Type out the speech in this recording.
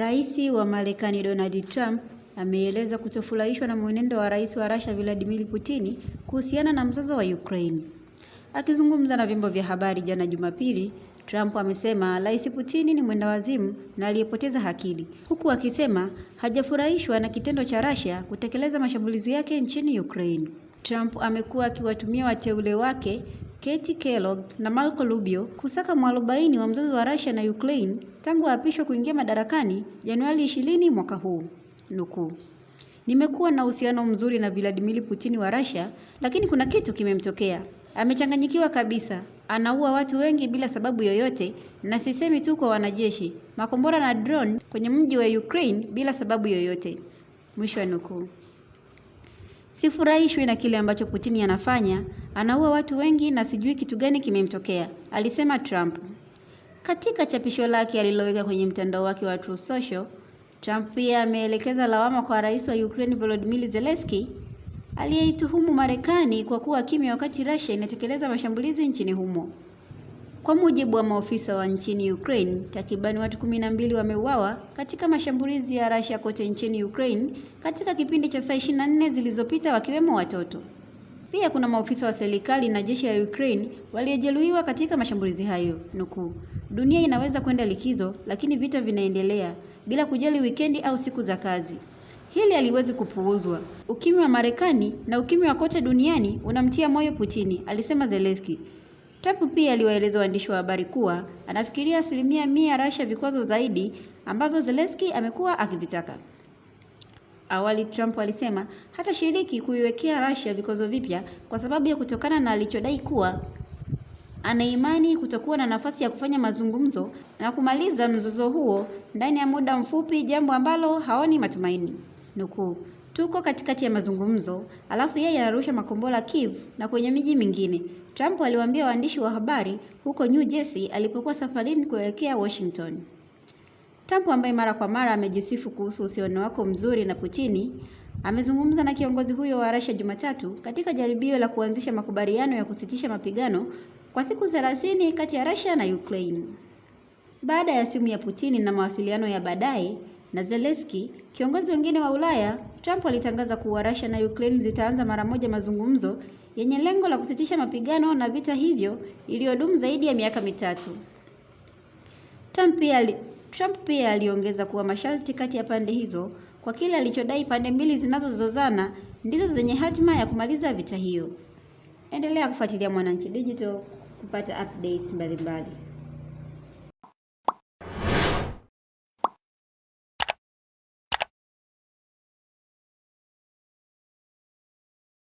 Rais wa Marekani Donald Trump ameeleza kutofurahishwa na mwenendo wa Rais wa Russia Vladimir Putin kuhusiana na mzozo wa Ukraine. Akizungumza na vyombo vya habari jana Jumapili, Trump amesema Rais Putin ni mwenda wazimu na aliyepoteza akili, huku akisema hajafurahishwa na kitendo cha Russia kutekeleza mashambulizi yake nchini Ukraine. Trump amekuwa akiwatumia wateule wake Katie Kellogg na Marco Rubio kusaka mwarobaini wa mzozo wa Russia na Ukraine tangu aapishwe kuingia madarakani Januari 20 mwaka huu. Nukuu, nimekuwa na uhusiano mzuri na Vladimir Putin wa Russia, lakini kuna kitu kimemtokea. Amechanganyikiwa kabisa, anaua watu wengi bila sababu yoyote, na sisemi tu kwa wanajeshi, makombora na drone kwenye mji wa Ukraine bila sababu yoyote. Mwisho wa nukuu. Sifurahishwi na kile ambacho Putini anafanya, anaua watu wengi na sijui kitu gani kimemtokea, alisema Trump. Katika chapisho lake aliloweka kwenye mtandao wake wa Truth Social, Trump pia ameelekeza lawama kwa Rais wa Ukraine Volodymyr Zelensky aliyeituhumu Marekani kwa kuwa kimya wakati Russia inatekeleza mashambulizi nchini humo. Kwa mujibu wa maofisa wa nchini Ukraine, takribani watu 12 wameuawa katika mashambulizi ya Russia kote nchini Ukraine katika kipindi cha saa 24 zilizopita wakiwemo watoto. Pia kuna maofisa wa serikali na jeshi la Ukraine waliojeruhiwa katika mashambulizi hayo. Nukuu, dunia inaweza kwenda likizo, lakini vita vinaendelea bila kujali wikendi au siku za kazi. Hili haliwezi kupuuzwa. Ukimya wa Marekani na ukimya wa kote duniani unamtia moyo Putin, alisema Zelensky. Trump pia aliwaeleza waandishi wa habari kuwa anafikiria asilimia mia Russia vikwazo zaidi ambavyo Zelensky amekuwa akivitaka. Awali Trump alisema hatashiriki kuiwekea Russia vikwazo vipya kwa sababu ya kutokana na alichodai kuwa ana imani kutokuwa na nafasi ya kufanya mazungumzo na kumaliza mzozo huo ndani ya muda mfupi, jambo ambalo haoni matumaini. Nukuu, Tuko katikati ya mazungumzo, alafu yeye anarusha makombora Kiev na kwenye miji mingine, Trump aliwaambia waandishi wa habari huko New Jersey alipokuwa safarini kuelekea Washington. Trump ambaye mara kwa mara amejisifu kuhusu uhusiano wako mzuri na Putini amezungumza na kiongozi huyo wa Russia Jumatatu katika jaribio la kuanzisha makubaliano ya kusitisha mapigano kwa siku 30 kati ya Russia na Ukraine. Baada ya simu ya Putin na mawasiliano ya baadaye, na Zelensky, kiongozi wengine wa Ulaya, Trump alitangaza kuwa Russia na Ukraine zitaanza mara moja mazungumzo yenye lengo la kusitisha mapigano na vita hivyo iliyodumu zaidi ya miaka mitatu. Trump pia ali, Trump pia aliongeza kuwa masharti kati ya pande hizo kwa kile alichodai pande mbili zinazozozana ndizo zenye hatima ya kumaliza vita hiyo. Endelea kufuatilia Mwananchi Digital kupata updates mbalimbali.